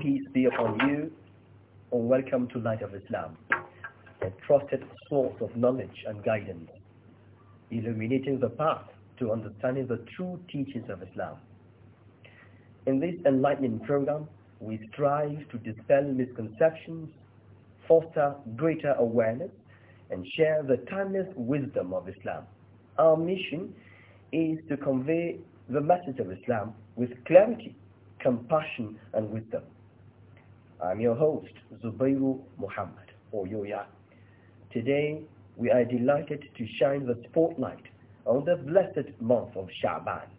peace be upon you, and welcome to Light of Islam, a trusted source of knowledge and guidance, illuminating the path to understanding the true teachings of Islam. In this enlightening program, we strive to dispel misconceptions, foster greater awareness, and share the timeless wisdom of Islam. Our mission is to convey the message of Islam with clarity, compassion, and wisdom. I'm your host, Zubairu Muhammad, or Yoya. Today, we are delighted to shine the spotlight on the blessed month of Shaban,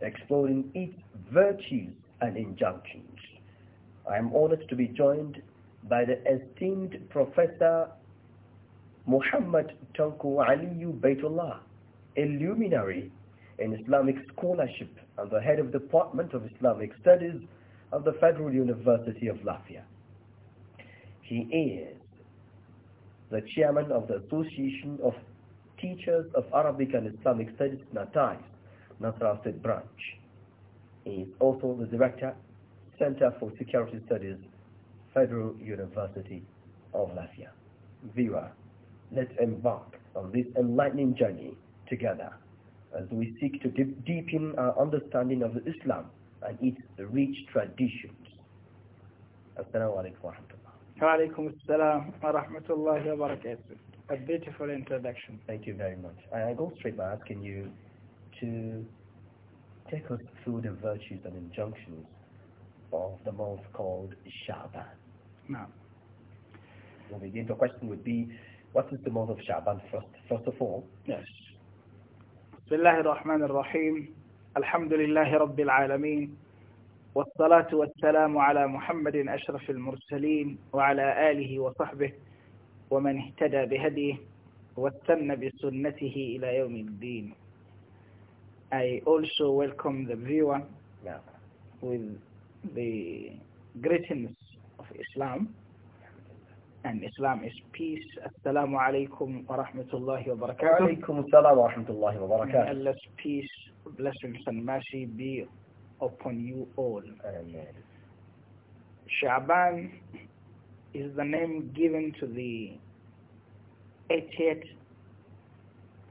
exploring its virtues and injunctions. I am honored to be joined by the esteemed Professor Muhammad Tanku Aliyu Baitullah, a luminary in Islamic scholarship and the head of the Department of Islamic Studies of the Federal University of Latvia. He is the chairman of the Association of Teachers of Arabic and Islamic Studies Natais, Nasra State Branch. He is also the director, Center for Security Studies, Federal University of Latvia. Vera, let's embark on this enlightening journey together as we seek to deepen our understanding of Islam and its rich traditions. Assalamu alaikum wa rahmatullahi wa barakatuh. A beautiful introduction. Thank you very much. I go straight by asking you to take us through the virtues and injunctions of the month called Shaban. Now, we'll begin. The question would be, what is the month of Shaban first, first of all? Yes. بسم الله الرحمن الرحيم الحمد لله رب العالمين والصلاة والسلام على محمد أشرف المرسلين وعلى آله وصحبه ومن اهتدى بهديه واستنى بسنته إلى يوم الدين I also welcome the viewer with the greatness of Islam and Islam is peace. Assalamu alaikum wa rahmatullahi wa barakatuh. Wa alaikum wa rahmatullahi wa barakatuh. Allah's peace blessings and mercy be upon you all. Amen. Shaban is the name given to the 88th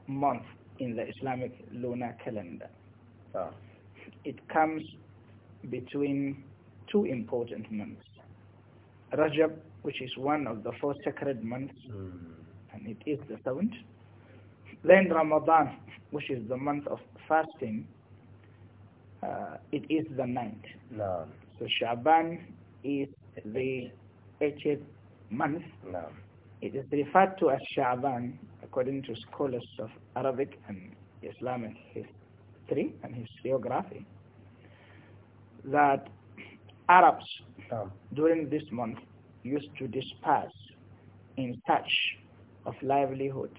month in the Islamic lunar calendar. Oh. It comes between two important months. Rajab, which is one of the four sacred months, mm. and it is the seventh. Then Ramadan, which is the month of fasting, uh, it is the ninth. No. So Shaban is the eighth month. No. It is referred to as Shaban according to scholars of Arabic and Islamic history and historiography that Arabs no. during this month used to disperse in search of livelihood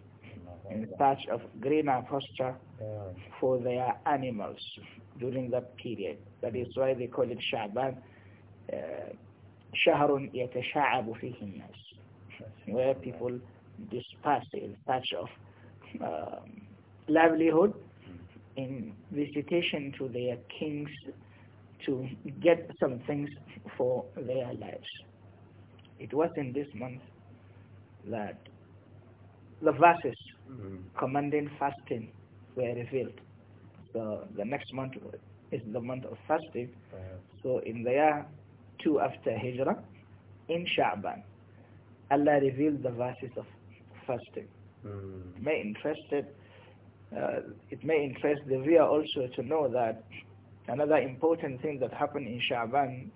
in search of greener pasture for their animals during that period. That is why they call it Sha'ban, شهر يتشعب فيه الناس where people disperse in search of um, livelihood in visitation to their kings to get some things for their lives. It was in this month that the verses commanding fasting were revealed. So the next month is the month of fasting. So in the year two after Hijrah, in Sha'ban, Allah revealed the verses of fasting. Mm. May interested, uh, it may interest the viewer also to know that another important thing that happened in Sha'ban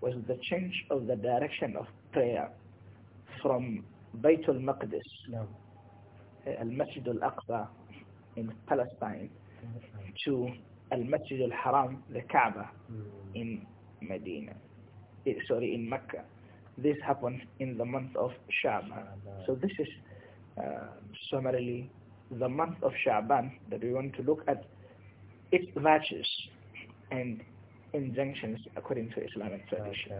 was the change of the direction of prayer from Baytul Maqdis Al-Masjid Al-Aqsa in Palestine to Al-Masjid Al-Haram, the Kaaba in Medina, eh, sorry, in Mecca. This happened in the month of Sha'ban. So this is uh, summarily the month of Sha'ban that we want to look at its virtues and injunctions according to Islamic tradition.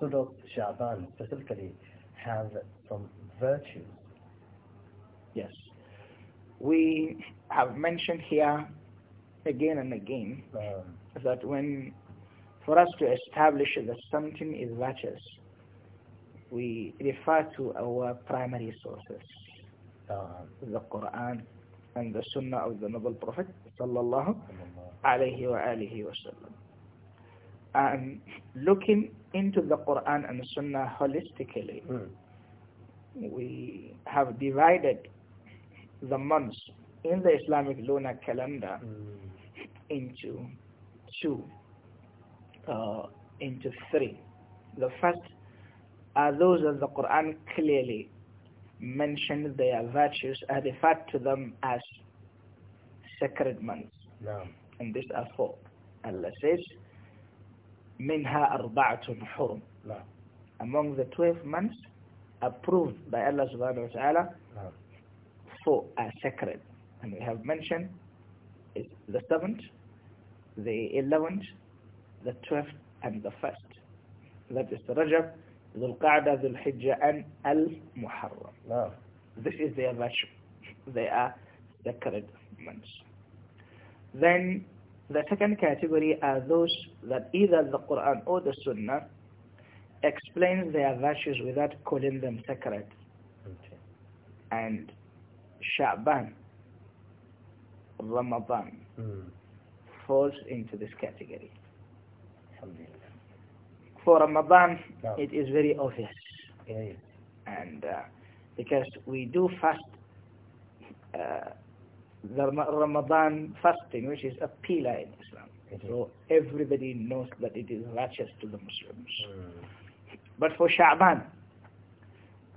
So does Sha'ban specifically has some virtues Yes. We have mentioned here again and again um, that when for us to establish that something is virtuous, we refer to our primary sources, mm. the Quran and the Sunnah of the Noble Prophet sallallahu alayhi wa alihi wasallam. And looking into the Quran and Sunnah holistically, mm. we have divided the months in the Islamic lunar calendar hmm. into two, uh, into three. The first are uh, those that the Quran clearly mentioned their virtues are uh, referred to them as sacred months. And these are four. Allah says, "Minha arba'atun حرم. Among the 12 months approved by Allah subhanahu wa ta'ala, four are sacred. And we have mentioned is the seventh, the eleventh, the twelfth, and the first. That is Rajab, Dhul Qa'dah, Dhul Hijjah, and Al Muharram. No. This is their virtue. They are sacred months. Then the second category are those that either the Quran or the Sunnah explains their virtues without calling them sacred. Okay. And Sha'ban, Ramadan mm. falls into this category. For Ramadan, no. it is very obvious. Yeah. And uh, because we do fast uh, the Ramadan fasting, which is a pillar in Islam. Mm -hmm. So everybody knows that it is righteous to the Muslims. Mm. But for Sha'ban,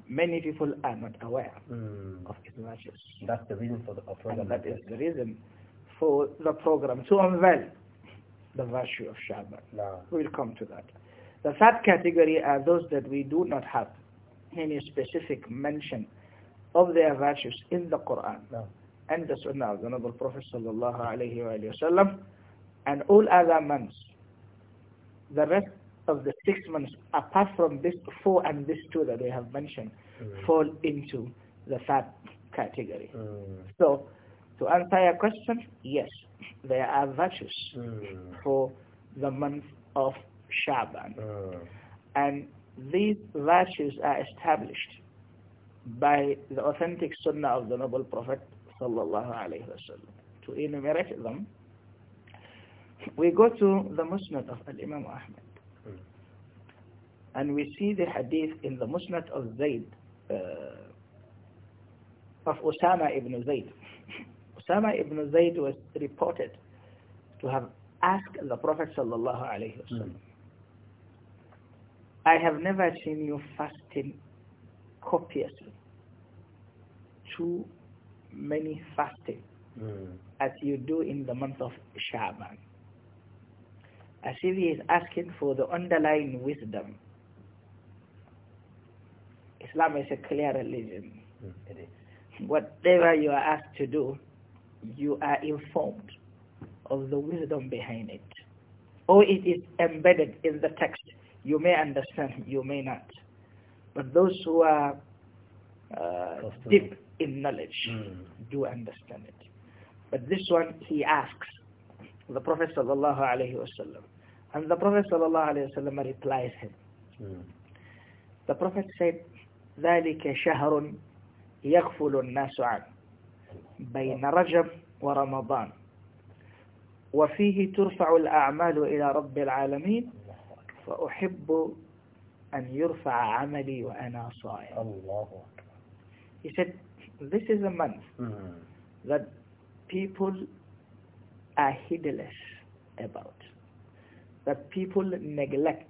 many people are not aware mm. of its virtues. That's the reason for the program. And that is the reason for the program to unveil the virtue of Shabbat. No. We'll come to that. The third category are those that we do not have any specific mention of their virtues in the Quran no. and the Sunnah of the Noble Prophet sallallahu alayhi wa and all other months. The rest of the six months, apart from this four and this two that we have mentioned, mm. fall into the third category. Mm. So, to answer your question, yes, there are virtues mm. for the month of Shaban. Mm. And these virtues are established by the authentic sunnah of the noble prophet sallallahu To enumerate them, we go to the Musnad of Al-Imam Ahmad. And we see the hadith in the Musnad of Zayd, uh, of Osama ibn Zayd. Osama ibn Zayd was reported to have asked the Prophet sallallahu alayhi wasallam, I have never seen you fasting copiously, too many fasting, mm. as you do in the month of Shaban. As if he is asking for the underlying wisdom Islam is a clear religion. Mm. Whatever you are asked to do, you are informed of the wisdom behind it. Or it is embedded in the text. You may understand, you may not. But those who are uh, deep in knowledge mm. do understand it. But this one, he asks the Prophet sallallahu alaihi wasallam, and the Prophet sallallahu alaihi wasallam replies him. Mm. The Prophet said, ذلك شهر يغفل الناس عنه بين رجب ورمضان وفيه ترفع الأعمال إلى رب العالمين فأحب أن يرفع عملي وأنا صائم الله He said this is a month mm. that people are heedless about that people neglect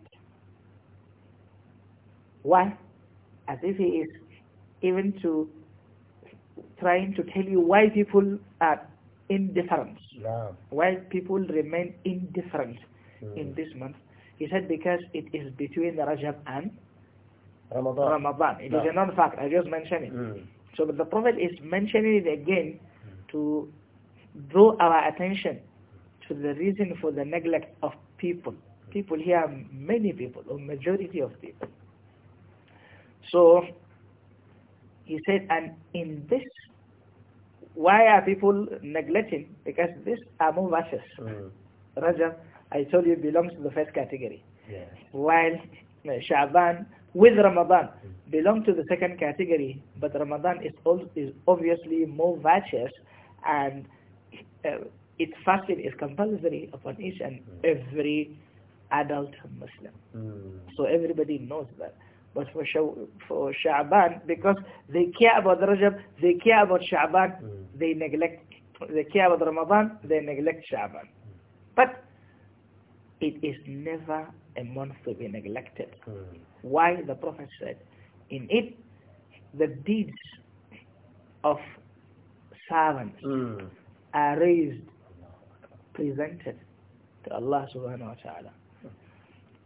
why as if he is even to trying to tell you why people are indifferent, Yeah. why people remain indifferent mm. in this month. He said because it is between the Rajab and Ramadan. Ramadan. It is a non-fact. I just mentioned it. Mm. So the Prophet is mentioning it again hmm. to draw our attention to the reason for the neglect of people. Hmm. People here, many people, or majority of people. So he said, and in this, why are people neglecting? Because these are more verses. Mm. Rajab, I told you, belongs to the first category. Yes. While uh, Shaban with Ramadan hmm. belong to the second category, but Ramadan is, all is obviously more virtuous and uh, its fasting is compulsory upon each and hmm. every adult Muslim. Mm. So everybody knows that. But for, for Sha'ban, because they care about Rajab, they care about Sha'ban, mm. they neglect, they care about Ramadan, they neglect Sha'ban. Hmm. But it is never a month to be neglected. Mm. Why? The Prophet said, in it, the deeds of servants mm. are raised, presented to Allah subhanahu wa ta'ala.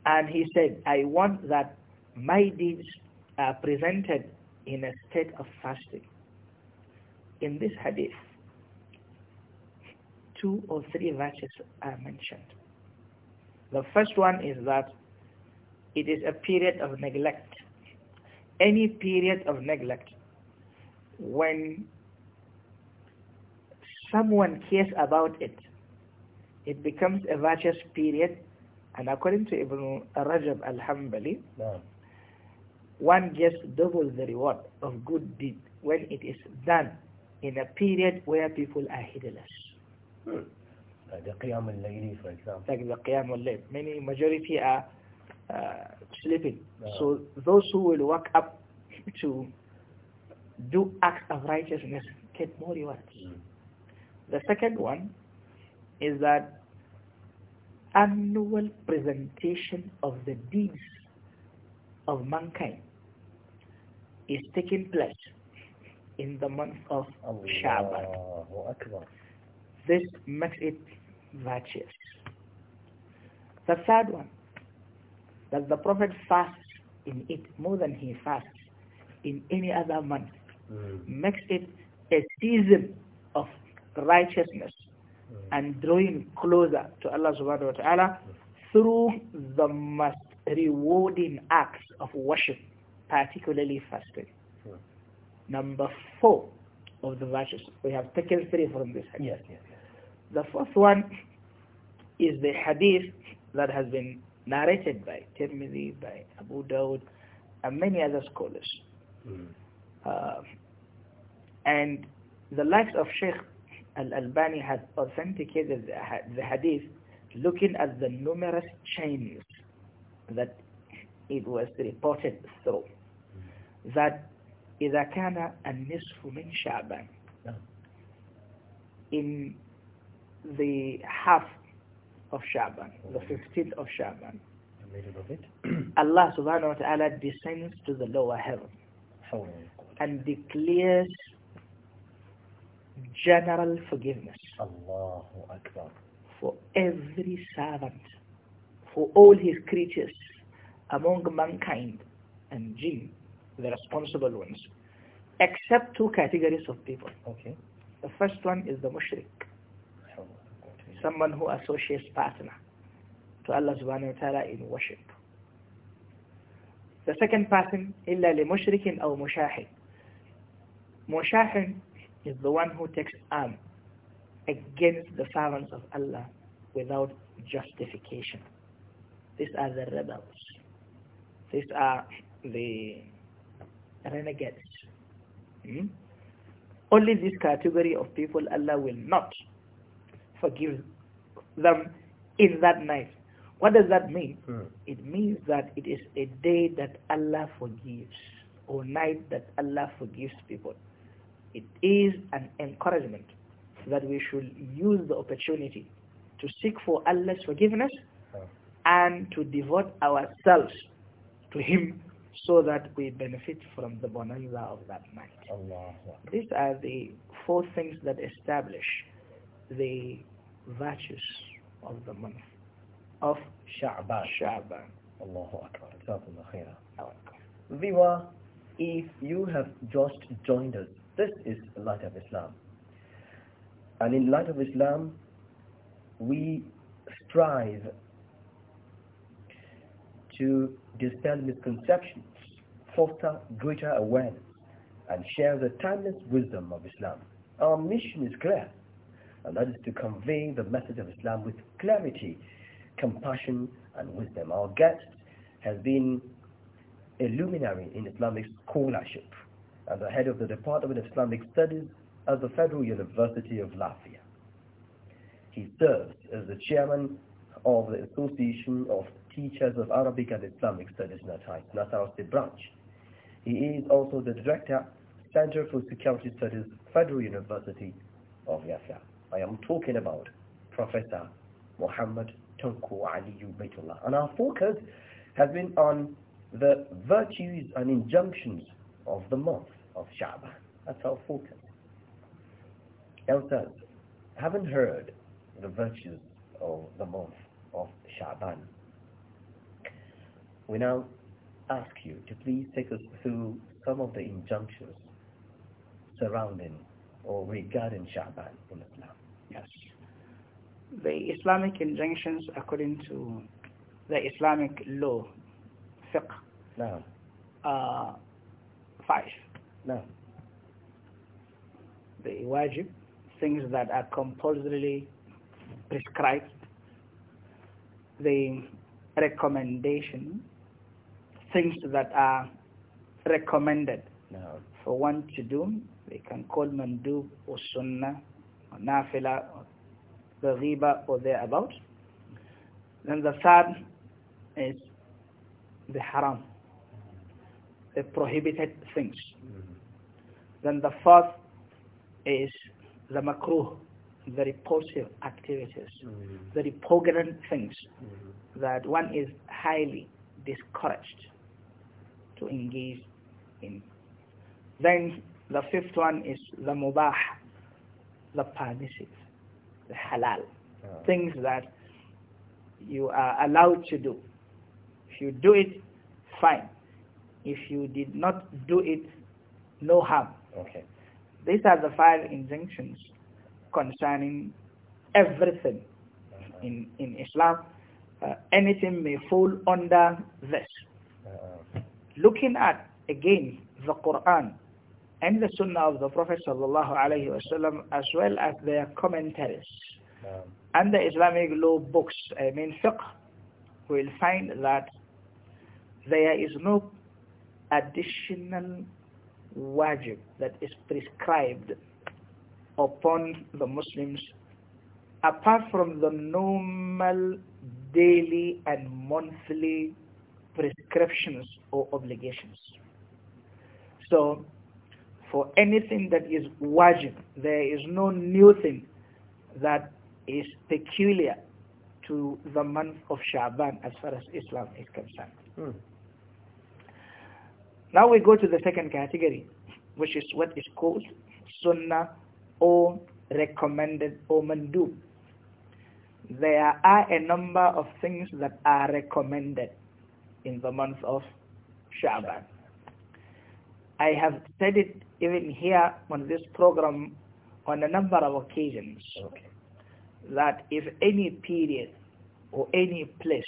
And he said, I want that my deeds are presented in a state of fasting. In this hadith, two or three verses are mentioned. The first one is that it is a period of neglect. Any period of neglect when someone cares about it, it becomes a virtuous period and according to Ibn Rajab al-Hambali, no one gets double the reward of good deed when it is done in a period where people are heedless. Hmm. Like the Qiyam al-Layli, for example. Like the Qiyam al-Layl. Many majority are uh, sleeping. Uh -huh. So those who will wake up to do acts of righteousness get more rewards. Hmm. The second one is that annual presentation of the deeds of mankind is taking place in the month of Shawwal. Shaban. This makes it virtuous. The third one, that the Prophet fasts in it more than he fasts in any other month, mm. makes it a season of righteousness mm. and drawing closer to Allah subhanahu wa ta'ala hmm. through the most rewarding acts of worship particularly frustrating. Hmm. Number four of the verses. We have taken three from this hadith. Yes, yes, yes. The first one is the hadith that has been narrated by Tirmidhi, by Abu Dawud, and many other scholars. Mm. Uh, and the likes of Sheikh Al-Albani has authenticated the hadith looking at the numerous chains that it was reported through that إذا كان النصف من in the half of Shaban, the 15th of Shaban. Allah subhanahu wa ta'ala descends to the lower heaven and declares general forgiveness for every servant, for all his creatures among mankind and jinn the responsible ones, except two categories of people. Okay. The first one is the mushrik, someone who associates partner to Allah subhanahu wa ta'ala in worship. The second person, إِلَّا لِمُشْرِكٍ أَوْ مُشَاحٍ Mushahin is the one who takes arm against the servants of Allah without justification. These are the rebels. These are the renegades. Hmm? Only this category of people Allah will not forgive them in that night. What does that mean? Hmm. It means that it is a day that Allah forgives or night that Allah forgives people. It is an encouragement that we should use the opportunity to seek for Allah's forgiveness hmm. and to devote ourselves to Him so that we benefit from the bonanza of that night. Allah. These are the four things that establish the virtues of the month of Sha'ban. Sha'ban. Allahu Akbar. Viva, if you have just joined us, this is Light of Islam. And in Light of Islam, we strive to dispel misconceptions, foster greater awareness, and share the timeless wisdom of Islam. Our mission is clear, and that is to convey the message of Islam with clarity, compassion, and wisdom. Our guest has been a luminary in Islamic scholarship and the head of the Department of Islamic Studies at the Federal University of Latvia. He serves as the chairman of the Association of teachers of Arabic and Islamic Studies Natai, Nassau State Branch. He is also the Director, Center for Security Studies, Federal University of Yafia. I am talking about Professor Muhammad Tunku Aliyu Baitullah. And our focus has been on the virtues and injunctions of the month of Sha'ban. That's our focus. Elsa, haven't heard the virtues of the month of Sha'ban we now ask you to please take us through some of the injunctions surrounding or regarding Sha'ban in Islam. Yes. The Islamic injunctions according to the Islamic law, fiqh. No. Uh, five. No. The wajib, things that are compulsorily prescribed. The recommendation, things that are recommended no. for one to do. They can call mandub or sunnah or nafila or ghiba or thereabout. Then the third is the haram, the prohibited things. Mm -hmm. Then the fourth is the makruh, the repulsive activities, mm -hmm. the repugnant things mm -hmm. that one is highly discouraged to engage in. Then the fifth one is the mubah, the permissive, the halal, yeah. things that you are allowed to do. If you do it, fine. If you did not do it, no harm. Okay. These are the five injunctions concerning everything uh-huh. in, in Islam. Uh, anything may fall under this. Uh looking at again the Quran and the Sunnah of the Prophet sallallahu alaihi wasallam as well as their commentaries and the Islamic law books, I mean fiqh, will find that there is no additional wajib that is prescribed upon the Muslims apart from the normal daily and monthly prescriptions or obligations. So for anything that is wajib, there is no new thing that is peculiar to the month of Shaban as far as Islam is concerned. Hmm. Now we go to the second category, which is what is called Sunnah or recommended or mandub. There are a number of things that are recommended in the month of Sha'ban. I have said it even here on this program on a number of occasions okay. that if any period or any place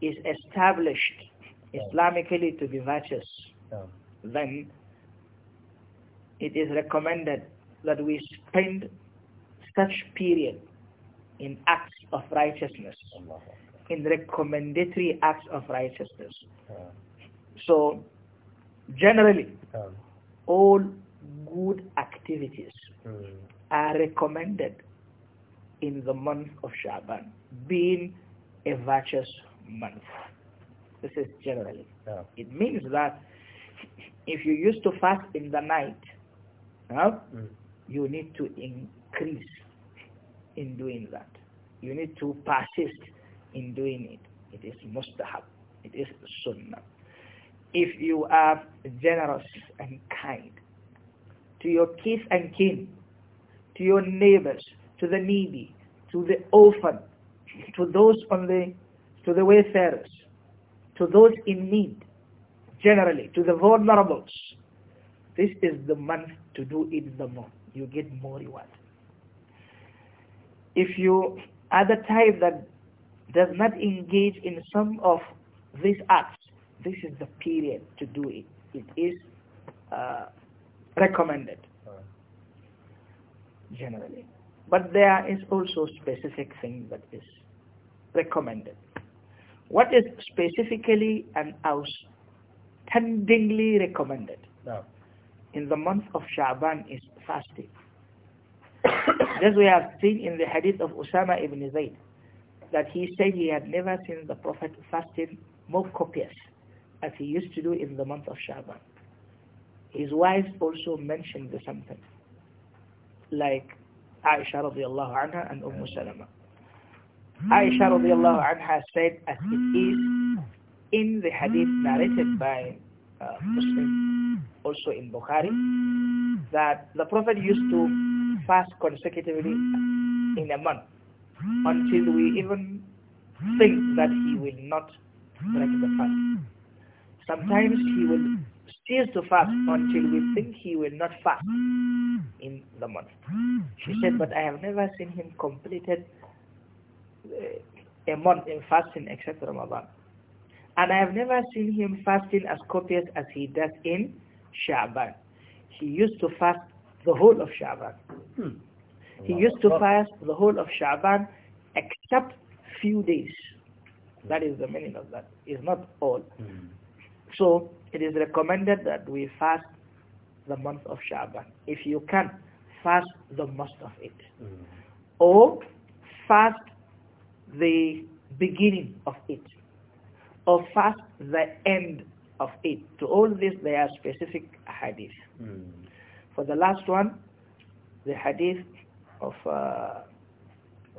is established Islamically to be virtuous, then it is recommended that we spend such period in acts of righteousness. Allah in recommendatory acts of righteousness. So, generally, all good activities hmm. are recommended in the month of Shaban, being a virtuous month. This is generally. Yeah. It means that if you used to fast in the night, huh, mm. you need to increase in doing that. You need to persist in doing it. It is mustahab. It is sunnah. If you are generous and kind to your kith and kin, to your neighbors, to the needy, to the orphan, to those on the, to the wayfarers, to those in need, generally, to the vulnerables, this is the month to do it the more. You get more reward. If you are the type that does not engage in some of these acts, this is the period to do it. It is uh, recommended generally. But there is also specific thing that is recommended. What is specifically and outstandingly recommended no. in the month of Sha'ban is fasting. As we have seen in the hadith of Usama ibn Zayd that he said he had never seen the Prophet fasting more copious as he used to do in the month of Shaban. His wives also mentioned the something like Aisha radiallahu anha and Ummu Salama. Aisha radiallahu anha said as it is in the hadith narrated by uh, Muslim, also in Bukhari, that the Prophet used to fast consecutively in a month until we even think that he will not break the fast. Sometimes he will cease to fast until we think he will not fast in the month. She said, but I have never seen him completed uh, a month in fasting except Ramadan. And I have never seen him fasting as copious as he does in Sha'ban. He used to fast the whole of Sha'ban. Hmm. He used to fast the whole of Sha'ban except few days. That is the meaning of that. It's not all. Mm So it is recommended that we fast the month of Sha'ban. If you can, fast the most of it. Mm Or fast the beginning of it. Or fast the end of it. To all this, there are specific hadith. Mm For the last one, the hadith of uh,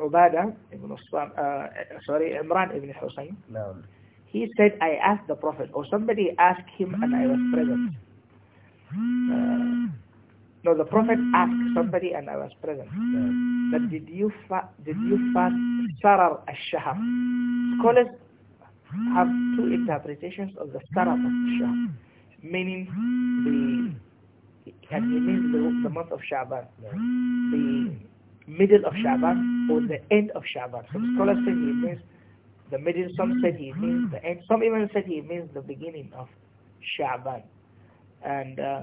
Ubadah ibn Usman, uh, uh, sorry, Imran ibn Hussein. No. He said, I asked the Prophet, or somebody asked him and I was present. Uh, no, the Prophet asked somebody and I was present. Uh, did you, did you fast Sarar al-Shahar? Scholars have two interpretations of the Sarar al-Shahar, meaning the, it means the, the month of Shaban. The middle of Shaban mm. or the end of Shaban. Some scholars say he means the middle, some said he means the end, some even said he means the beginning of Shaban. And uh,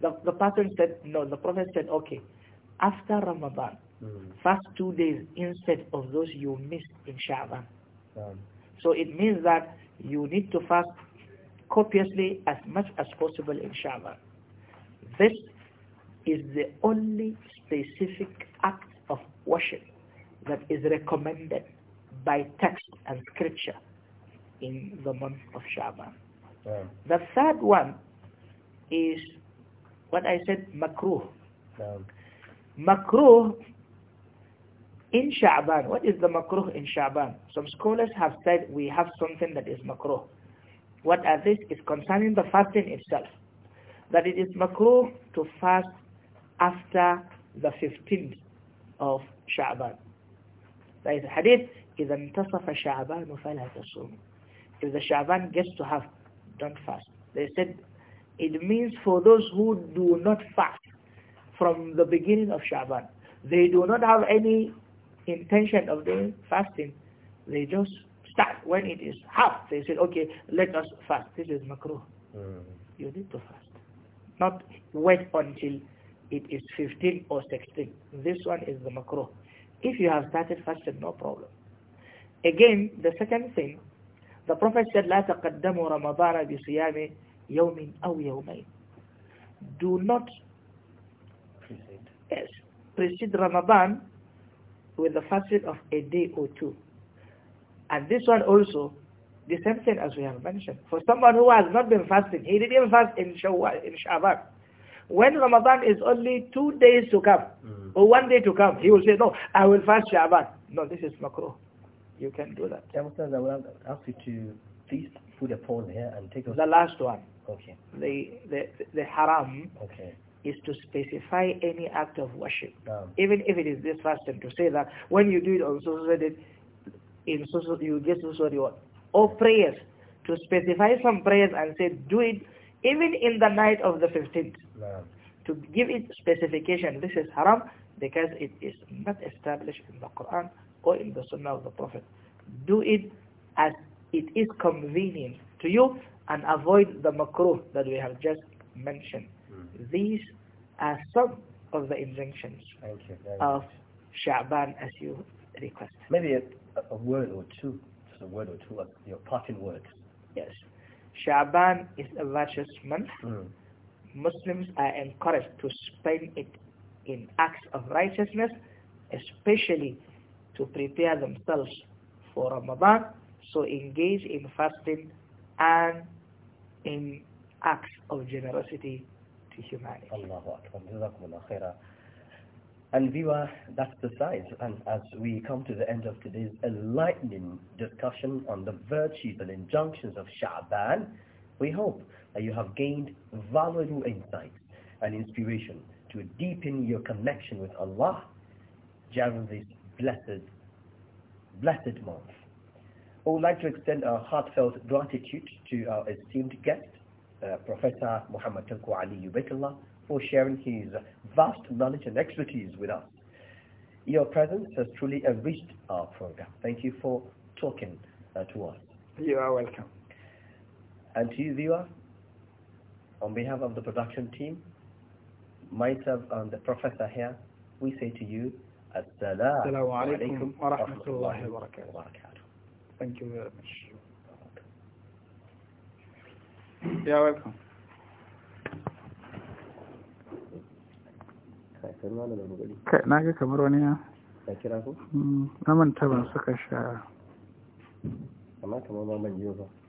the, the pattern said, no, the Prophet said, okay, after Ramadan, mm. fast two days instead of those you missed in Shaban. Um. So it means that you need to fast copiously as much as possible in Shaban. This is the only specific act of worship that is recommended by text and scripture in the month of Shaban. Yeah. The third one is what I said, makruh. Yeah. Makruh in Sha'ban, what is the makruh in Sha'ban? Some scholars have said we have something that is makruh. What are this? is concerning the fasting itself. That it is makruh to fast after the 15th of Sha'ban. That is a hadith, إِذَا انْتَصَفَ شَعْبَانُ فَلَا تَصُومُ If the Sha'ban gets to have don't fast. They said, it means for those who do not fast from the beginning of Sha'ban. They do not have any intention of doing fasting. They just start when it is half. They say, okay, let us fast. This is makruh. Mm. You need to fast. Not wait until it is 15 or 16. This one is the makruh. If you have started fasting, no problem. Again, the second thing, the Prophet said, لا تقدموا رمضان بصيام يوم أو يومين. Do not precede, yes, precede Ramadan with the fasting of a day or two. And this one also, the same thing as we have mentioned. For someone who has not been fasting, he didn't fast in Shawwal, in Shaban. When Ramadan is only two days to come, mm. or one day to come, he will say, no, I will fast Sha'ban. No, this is Makro. You can do that. I will ask you to please put a pause here and take The last one. Okay. The, the, the haram okay. is to specify any act of worship. Um. Even if it is this fasting, to say that when you do it on Saturday, in social, you get social reward. Or prayers, to specify some prayers and say, do it even in the night of the 15th. To give it specification, this is haram because it is not established in the Quran or in the Sunnah of the Prophet. Do it as it is convenient to you and avoid the makruh that we have just mentioned. Hmm. These are some of the injunctions of Sha'ban as you request. Maybe a, a, word or two, just a word or two, your parting words. Yes. Shaban is a righteous month. Mm. Muslims are encouraged to spend it in acts of righteousness, especially to prepare themselves for Ramadan. So engage in fasting and in acts of generosity to humanity. And viewer, that's the size. And as we come to the end of today's enlightening discussion on the virtues and injunctions of Sha'ban, we hope that you have gained valuable insights and inspiration to deepen your connection with Allah during this blessed, blessed month. I would like to extend our heartfelt gratitude to our esteemed guest, uh, Professor Muhammad Tanku Ali Ubaitullah, for sharing his vast knowledge and expertise with us. Your presence has truly enriched our program. Thank you for talking uh, to us. You are welcome. And to you, viewer, on behalf of the production team, myself and the professor here, we say to you, Assalamu wa rahmatullahi wa barakatuh. Thank you very much. You're welcome. na ga kamar wani ya ka kira ku? Mm, na manta ban suka sha amma kamar ba ban ba